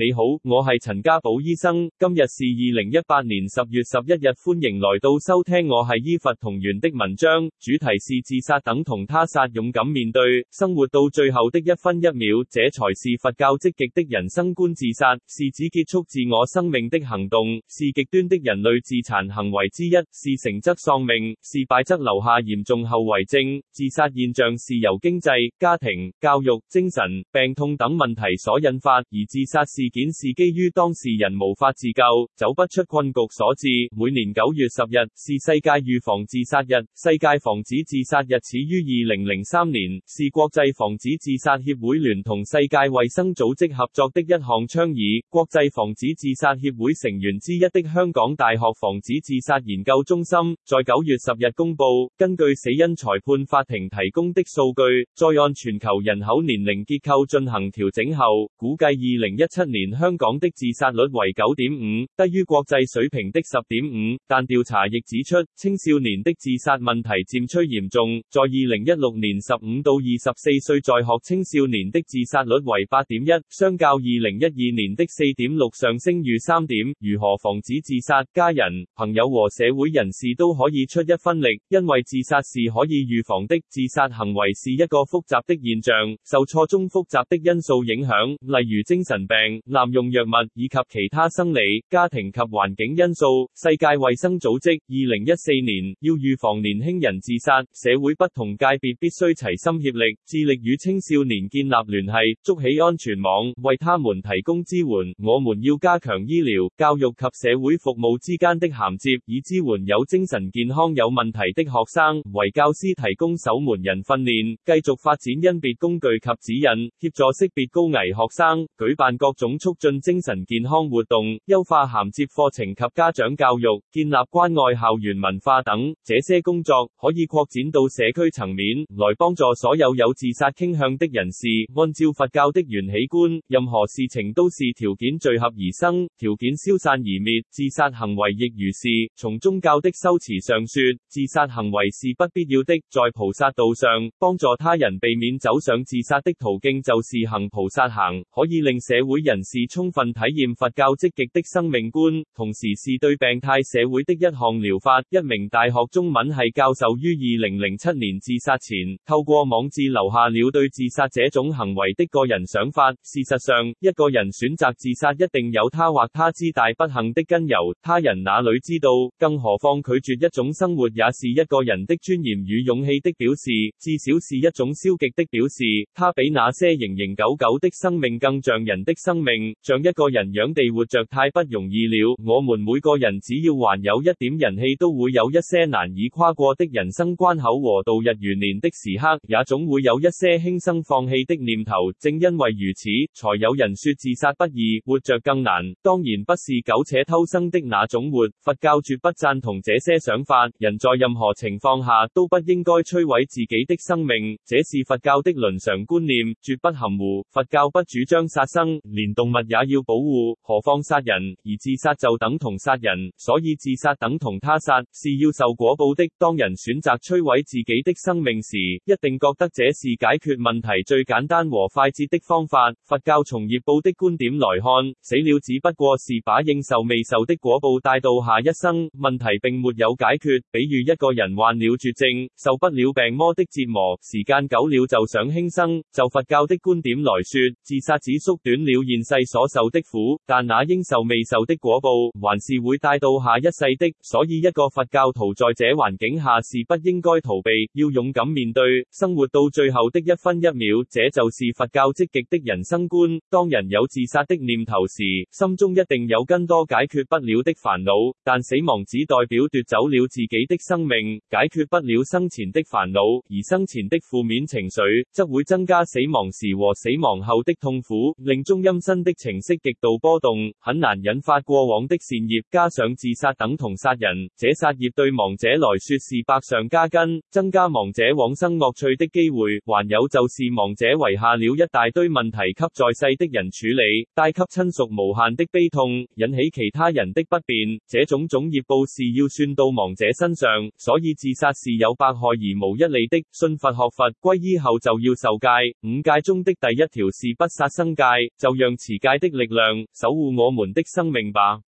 你好，我係陳家寶醫生。今日是二零一八年十月十一日，歡迎來到收聽我係醫佛同源的文章。主題是自殺等同他殺，勇敢面對生活到最後的一分一秒，這才是佛教積極的人生觀。自殺是指結束自我生命的行動，是極端的人類自殘行為之一，是成則喪命，是敗則留下嚴重後遺症。自殺現象是由經濟、家庭教育、精神、病痛等問題所引發，而自殺是。件是基於當事人無法自救、走不出困局所致。每年九月十日是世界預防自殺日，世界防止自殺日始於二零零三年，是國際防止自殺協會聯同世界衛生組織合作的一項倡議。國際防止自殺協會成員之一的香港大學防止自殺研究中心在九月十日公布，根據死因裁判法庭提供的數據，再按全球人口年齡結構進行調整後，估計二零一七年。年香港的自殺率為九點五，低於國際水平的十點五。但調查亦指出，青少年的自殺問題漸趨嚴重。在二零一六年，十五到二十四歲在學青少年的自殺率為八點一，相較二零一二年的四點六上升逾三點。如何防止自殺？家人、朋友和社會人士都可以出一分力，因為自殺是可以預防的。自殺行為是一個複雜的現象，受錯綜複雜的因素影響，例如精神病。濫用藥物以及其他生理、家庭及環境因素。世界衛生組織二零一四年，要預防年輕人自殺，社會不同界別必須齊心協力，致力與青少年建立聯繫，築起安全網，為他們提供支援。我們要加強醫療、教育及社會服務之間的銜接，以支援有精神健康有問題的學生。為教師提供守門人訓練，繼續發展甄別工具及指引，協助識別高危學生，舉辦各種。促進精神健康活動、優化銜接課程及家長教育、建立關愛校園文化等，這些工作可以擴展到社區層面，來幫助所有有自殺傾向的人士。按照佛教的緣起觀，任何事情都是條件聚合而生，條件消散而滅，自殺行為亦如是。從宗教的修辭上說，自殺行為是不必要的。在菩薩道上，幫助他人避免走上自殺的途徑，就是行菩薩行，可以令社會人。是充分體驗佛教積極的生命觀，同時是對病態社會的一項療法。一名大學中文係教授於二零零七年自殺前，透過網誌留下了對自殺這種行為的個人想法。事實上，一個人選擇自殺一定有他或他之大不幸的根由，他人哪裏知道？更何況拒絕一種生活，也是一個人的尊嚴與勇氣的表示，至少是一種消極的表示。他比那些蠅營狗苟的生命更像人的生命。像一個人樣地活着太不容易了，我們每個人只要還有一點人氣，都會有一些難以跨過的人生關口和度日如年的時刻，也總會有一些輕生放棄的念頭。正因為如此，才有人說自殺不易，活着更難。當然不是苟且偷生的那種活。佛教絕不贊同這些想法，人在任何情況下都不應該摧毀自己的生命，這是佛教的倫常觀念，絕不含糊。佛教不主張殺生，連動物也要保護，何況殺人，而自殺就等同殺人，所以自殺等同他殺是要受果報的。當人選擇摧毀自己的生命時，一定覺得這是解決問題最簡單和快捷的方法。佛教從業報的觀點來看，死了只不過是把應受未受的果報帶到下一生，問題並沒有解決。比如一個人患了絕症，受不了病魔的折磨，時間久了就想輕生。就佛教的觀點來說，自殺只縮短了現。世所受的苦，但那應受未受的果報，還是會帶到下一世的。所以一個佛教徒在這環境下是不應該逃避，要勇敢面對生活到最後的一分一秒。這就是佛教積極的人生觀。當人有自殺的念頭時，心中一定有更多解決不了的煩惱。但死亡只代表奪走了自己的生命，解決不了生前的煩惱，而生前的負面情緒，則會增加死亡時和死亡後的痛苦，令中陰身。的情緒極度波動，很難引發過往的善業，加上自殺等同殺人，這殺業對亡者來說是百上加斤，增加亡者往生惡趣的機會。還有就是亡者遺下了一大堆問題給在世的人處理，帶給親屬無限的悲痛，引起其他人的不便。這種種業報是要算到亡者身上，所以自殺是有百害而無一利的。信佛學佛歸依後就要受戒，五戒中的第一條是不殺生戒，就讓世界的力量，守護我們的生命吧。